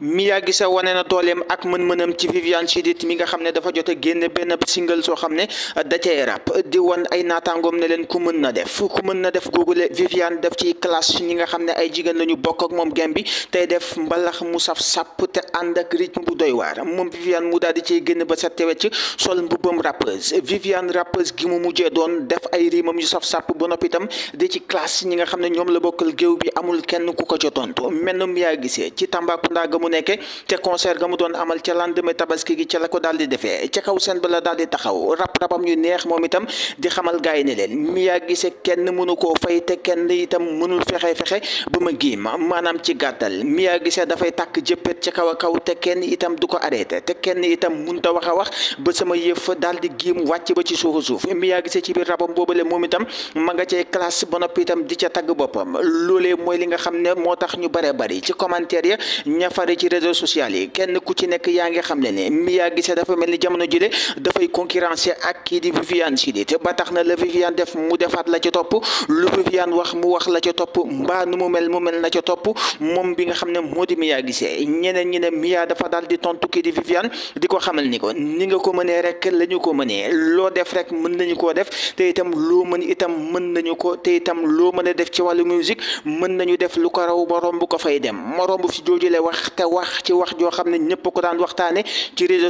Mia Guissé wane na dooleem ak mën-mënam ci Viviane Chidid mi nga xam ne dafa jot génne benn single soo xam ne da cay rap ne leen ku mën na def ku mën na def googule Viviane def ci classe ñi nga xam ne ay jigéen la ñu bokk ak moom gem bi tey def mbalax mu saf sàpp te ànd ak rythme bu doy waar moom Viviane mu daal di cey génn ba set te wecc sol mbubbam rappeuse Viviane rappeuse gi mu mujjee doon def ay riimam yu saf sàpp ba noppi itam di ci classe ñi nga xam ne ñoom la bokkal géew bi amul kenn ku ko ca tontu mel na Mia Guissé ci Tambacounda mu nekke ca concert ga mu doon amal ca lendemain tabaski gi ca la ko daal di defee ca kaw seen ba la daal di taxaw rap rabam yu neex moom itam di xamal gaay ne leen Mia Guissé kenn mënu koo fay te kenn itam mënul fexe-fexe ba ma giim maanaam ci gàttal Mia Guissé dafay takk jëppét ci kaw a kaw te kenn itam du ko arrêté te kenn itam mënta wax a wax ba sama yëf daal di giim wàcc ba ci suufa suuf mi Mia Guissé ci biir rabam boobale moom itam ma nga cee classe ba noppi itam di ca tagg boppam loolee mooy li nga xam ne moo tax ñu bare bari ci commentaire ya ñafari ci réseaux sociaux yi kenn ku ci nekk yaa ngi xam ne ne Mia Guissé dafa mel ni jamono jile ak kii di Viviane Chidid ba tax na la Viviane def mu defaat la ca topp lu Viviane wax mu wax la ca topp mbaa nu mu mel mu mel na ca topp moom bi nga xam ne moo di Mia Guissé ñeneen ñi Mia dafa daal di tontu kii di Viviane di ko xamal ni ko ni nga ko mënee rek la ko mënee loo def rek mën nañu koo def te itam loo mën itam mën nañu ko te itam loo mën a def ci wàllu musique mën nañu def lu ko raw ba romb ko fay dem ma romb fi joojule wax te wax ci wax joo xam ne ñëpp ko daan waxtaane ci réseau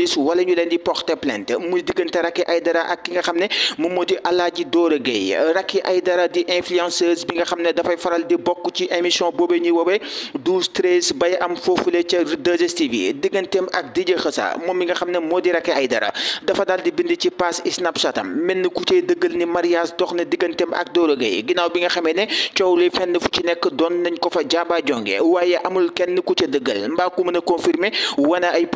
police wala ñu leen di porter plainte muy diggante Racky Aïdara ak ki nga xam ne moom moo di Alaaji Dora Gueye Racky Aïdara di influenceuse bi nga xam ne dafay faral di bokk ci émission boobee ñuy woowee douze treize bay am foofule ca 2STV digganteem ak DJ Xassa moom mi nga xam ne moo di ay Aïdara dafa daal di bind ci page Snapchat am mel ni ku cee dëggal ni mariage dox na digganteem ak Dora Gueye ginnaaw bi nga xamee ne coow li fenn fu ci nekk doon nañ ko fa jaaba jonge a confirmer wana ay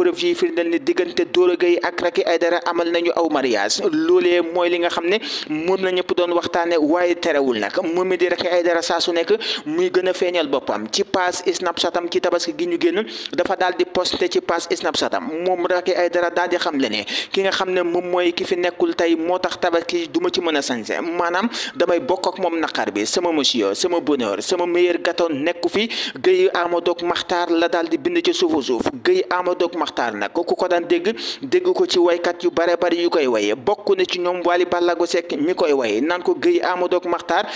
diggante Doro Gueye ak Racky Aïdara amal nañu aw mariage loolee mooy li nga xam ne moom la ñëpp doon waxtaane waaye terewul nag moom mi di Racky Aïdara saa su nekk muy gën a boppam ci pass snapchatam ci tabaski gi ñu génn dafa daal di posté ci pass snapchatam moom Racky Aïdara daal di xam le ne ki nga xam ne moom mooy ki fi nekkul tey moo tax tabaski du ma ci mën a sañse maanaam damay bokk ak moom naqar bi sama monsieur sama bonheur sama meilleur gâteau nekku fi Gueye Amadou Makhtar la daal di bind ci suufu suuf Gueye Amadou Makhtar nag ku ko daan dégg dégg dégg ko ci waykat yu bare bari yu koy waye bokk na ci ñoom Wally Ballago Seck mi koy waye naan ko Guèye Amadou ak Maxtaar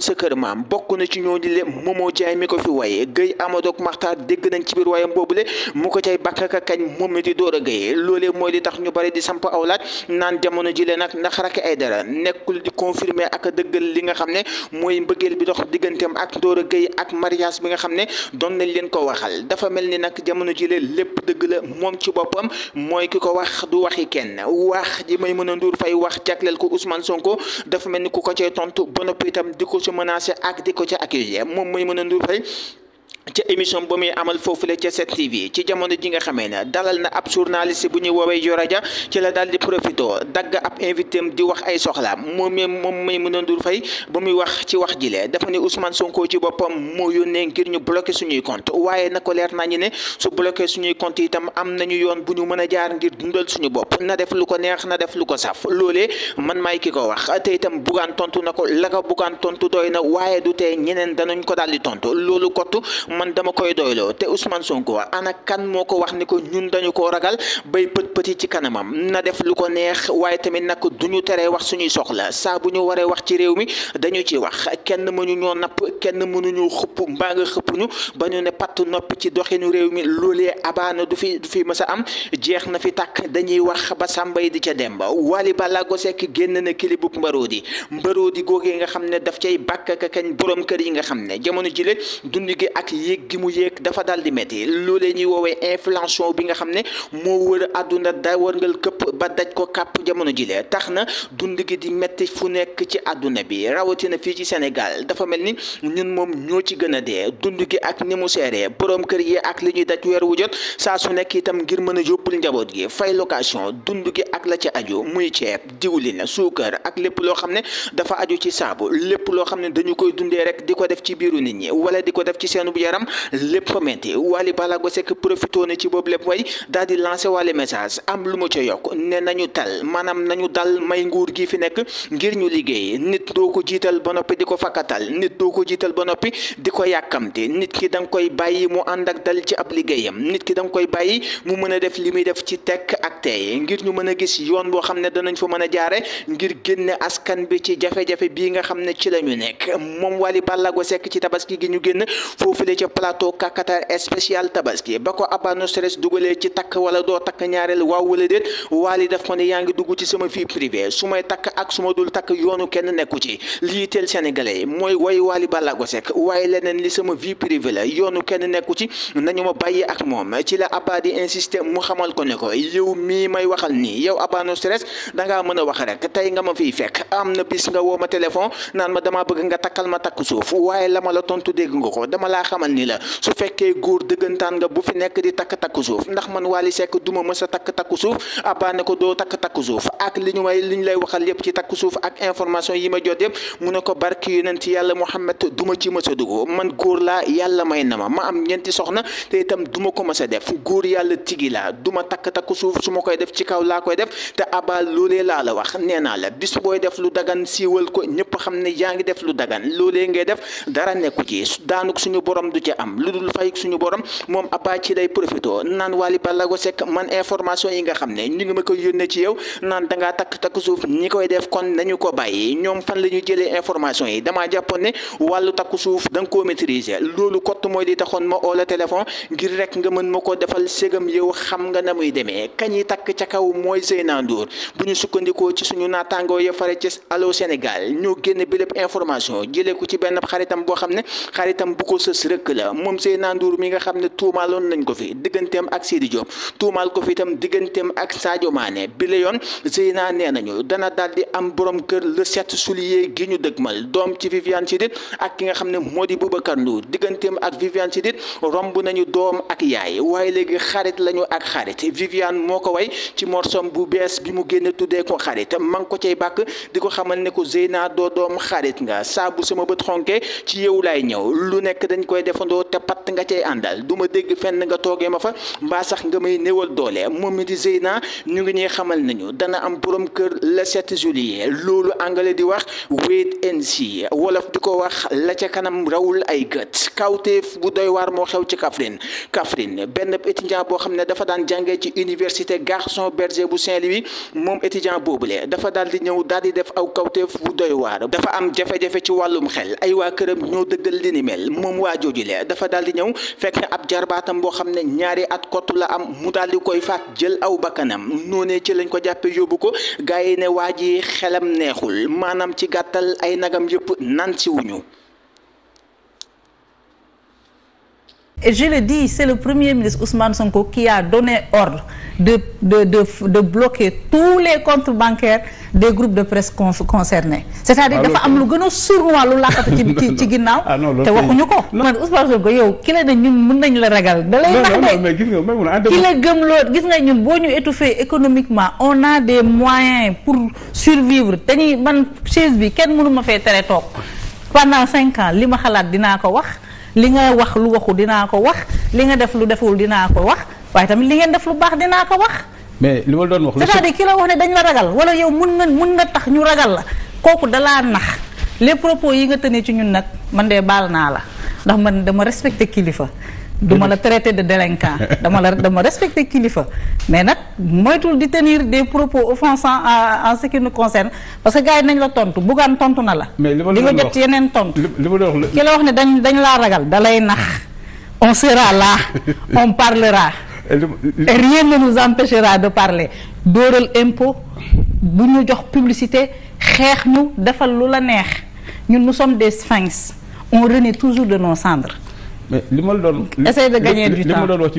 sa kër maam bokk na ci ñooñu le Momo Jaay mi ko fi waye Guèye Amadou ak dégg nañ ci biir wayam boobule mu ko cay kañ moom mi di door a Guèye loolee mooy li tax ñu bari di samp awlaat naan jamono ji le nag ndax Racky Aïdara nekkul di confirmer ak dëggal li nga xam ne mooy mbëggeel bi dox digganteem ak Doro Gueye ak mariage bi nga xam ne doon nañ leen ko waxal dafa mel ni nag jamono ji lépp dëgg la moom ci boppam mooy ki ko wax du waxi kenn wax ji mën a nduur fay wax jagleel ko Ousmane Sonko dafa mel ni ku ko cee tontu ba noppi itam di ko ci menacé ak di ko ci accusé moom mën a nduur Faye ca émission ba muy amal foofu foofule ca 7TV ci jamono ji nga xamee ne dalal na ab journaliste bu ñuy woowee Yoro Dia ci la daal di profito dagg ab invité am di wax ay soxlaam moom mi moom may mën a ndur fay ba muy wax ci wax ji lee dafa ne Ousmane Sonko ci boppam moo yónnee ngir ñu bloqué suñuy compte waaye na ko leer naa nañu ne su bloqué suñuy compte itam am nañu yoon bu ñu mën a jaar ngir dundal suñu bopp na def lu ko neex na def lu ko saf loole man maay ki ko wax te itam bugaan tontu na ko la ko tontu doy na waaye du tee ñeneen danañ ko daal di tontu loolu kott man dama koy doyloo te Ousmane Sonko ana kan moo ko wax ni ko ñun dañu koo ragal bay pët pët yi ci kanamam na def lu ko neex waaye tamit nag du ñu tere wax suñuy soxla saa bu ñu waree wax ci réew mi dañu ci wax kenn mënu ñoo napp kenn mënuñu xëpp mbaa nga xëpp ñu ba ñu ne patt nopp ci doxinu réew mi loolee abaana du fi du fi mës a am jeex na fi tàkk dañuy wax ba sàmbay di ca dem ba Wally Ballago Seck génn na kilibub mbaroodi mbaroodi googee nga xam ne daf cay bàkk ka kër yi nga xam ne jamono jile yéeg gi mu yéeg dafa daal di métti loolee ñuy woowee inflation bi nga xam ne moo wër àdduna da wërngal këpp ba daj ko kàpp jamono jilee tax na dund gi di métti fu nekk ci àdduna bi rawatina fii ci senegal dafa mel ni ñun moom ñoo ci gën a dee dund gi ak ni mu seeree borom kër yi ak li ñuy daj weer wu jot saa su nekk itam ngir mën a yóbbul njaboot gi fay dund gi ak la ci aju muy ceeb diwlin suukar ak lépp loo xam ne dafa aju ci saabu lépp loo xam ne dañu koy dundee rek di ko def ci biiru nit ñi wala di ko def ci seenu bu yaram lépp fa metti Wally Ballago Seck profitoo daal di lancé waale message am lu mu ca yokk ne nañu tal maanaam nañu dal may nguur gi fi nekk ngir ñu liggéey nit doo ko jiital ba noppi di ko fakkatal nit doo ko jiital ba noppi di ko yàkkamti nit ki da nga koy bàyyi mu ànd ak dal ci ab liggéeyam nit ki da nga koy bàyyi mu mën a def li muy def ci tekk ak tey ngir ñu mën a gis yoon boo xam ne danañ fa mën a jaare ngir génne askan bi ci jafe-jafe bii nga xam ne ci la ñu nekk moom Wally Ballago Seck ci tabaski gi ñu génn foofu la ca plateau kakatar spécial tabaski ba ko abano stress dugalee ci takk wala doo takk ñaareel waaw wala déet waali daf ko ne yaa ngi dugg ci sama vie privée su may takk ak su ma dul takk yoonu kenn nekku ci lii teel sénégalais mooy way waali ko sek waaye leneen li sama vie privée la yoonu kenn nekku ci nañu ma bàyyi ak moom ci la abba di mu xamal ko ne ko yow mii may waxal nii yow abano stress dangaa mën a wax rek tey nga ma fiy fekk am na bis nga woo ma téléphone naan ma dama bëgg nga takkal ma takk suuf waaye xamal ni la su fekkee góor dëggantaan nga bu fi nekk di takk takku suuf ndax man Wally Seck du ma mës a takk takku suuf Abba ne ko doo takk takku suuf ak li ñu way li ñu lay waxal yëpp ci takku suuf ak information yi ma jot yëpp mu ne ko barke yonent yàlla Muhammad du ma ci mës a dugg man góor laa yàlla may na ma ma am ñeenti soxna te itam du ma ko mës a def góor yàlla tigi laa du ma takk takku suuf su ma koy def ci kaw laa koy def te Abba loolee laa la wax nee naa la bis booy def lu dagan siiwal ko ñëpp xam ne yaa ngi def lu dagan loolee ngay def dara nekku ci daanuk suñu borom du ca am lu dul fayik suñu borom moom Abba ci lay profito naan Wally Ballago Seck man information yi nga xam ne ñu ngi ma koy yónnee ci yow naan dangaa takk takk suuf ñi koy def kon nañu ko bàyyi ñoom fan la ñu jëlee information yi damaa jàppoon ne wàllu takk suuf danga nga koo maîtriser loolu kott mooy di taxoon ma oo la ngir rek nga mën ma ko defal ségam yow xam nga na muy demee yi takk ca kaw mooy Zeyna Ndour bu ñu sukkandikoo ci suñu naataangoo ya fare ci Allô Sénégal ñoo génn bi lépp information jëlee ko ci benn xaritam boo xam ne xaritam bu ko sës dëkk la moom Seyna mi nga xam ne tuumaaloon nañ ko fi digganteem ak Sidi Diop tuumaal ko fi itam digganteem ak Sadio Mané bi la yoon naa nee nañu dana daal di am boroom kër le set soulier gi ñu mal doom ci Viviane Chidid ak ki nga xam ne moo di Boubacar Ndour digganteem ak Viviane Chidid romb nañu doom ak yaay waaye léegi xarit lañu ak xarit Viviane moo ko way ci morsom bu bees bi mu génne tuddee ko xarit ma ngi ko cay bàkk di ko xamal ne ko Zeyna doo doom xarit nga saa sama bët xonkee ci yow defandoo te patt nga cay àndal du ma dégg fenn nga toogee ma fa mbaa sax nga may néewal doole moom mi di Zeyna ñu ngi ñuy xamal nañu dana am borom kër la set juillet loolu anglais di wax wait and si wolof di ko wax la ca kanam rawul ay gët kawteef bu doy waar moo xew ci Kaffrine Kaffrine benn étudiant boo xam ne dafa daan jàngee ci université Gaston Berger bu Saint-Louis moom étudiant boobule dafa daal di ñëw daal di def aw kawteef bu doy waar dafa am jafe ci wàllum xel ay waa gile dafa daal di ñëw fekk ab jarbaatam boo xam ne ñaari at kott la am mu daal di koy faat jël aw bakkanam noonee ci lañ ko jàppe yóbbu ko gaa yi ne waa ji xelam neexul maanaam ci gàttal ay nagam yëpp nan si et je le dis c'est le premier ministre Ousmane Sonko qui a donné ordre de de de de bloquer tous les comptes bancaires des groupes de presse concernés c'est-à-dire dafa am lu gën a sournois lu làkkatu ci ci ci ginnaaw ah, te waxuñu ko man Ousmane Sonko yow ki la ne ñun mën nañ la ragal da lay nax de ki la gëm loolu gis nga ñun boo ñu étouffé économiquement on a des moyens pour survivre dañuy man chaise bi kenn mënu ma fee tere toog pendant cinq ans li ma xalaat dinaa ko wax li nga wax lu waxu dinaa ko wax li nga def lu deful dinaa ko wax waaye tamit li ngeen def lu baax dinaa ko wax. mais li ma doon wax. cest à ki la wax ne dañ la ragal wala yow mun nga mun nga tax ñu ragal la kooku dalaa nax les propos yi nga tënee ci ñun nag man de baal naa la ndax man dama respecté kilifa. du ma la traité de délinquant dama la dama respecté kilifa mais nag moytul di tenir des propos offensants en ce qui nous concerne parce que gars nañ la tontu buggaan tontu na la. mais li ma di nga jot yeneen tontu. li ma ki la wax ne dañ dañ laa ragal da nax on sera là on parlera. et rien ne nous empêchera de parler dóoral impôt bu ñu jox publicité xeex ñu defal lu la neex ñun nous sommes des sphinx on renaît toujours de nos cendres. mais li a la doon. essayer de gagner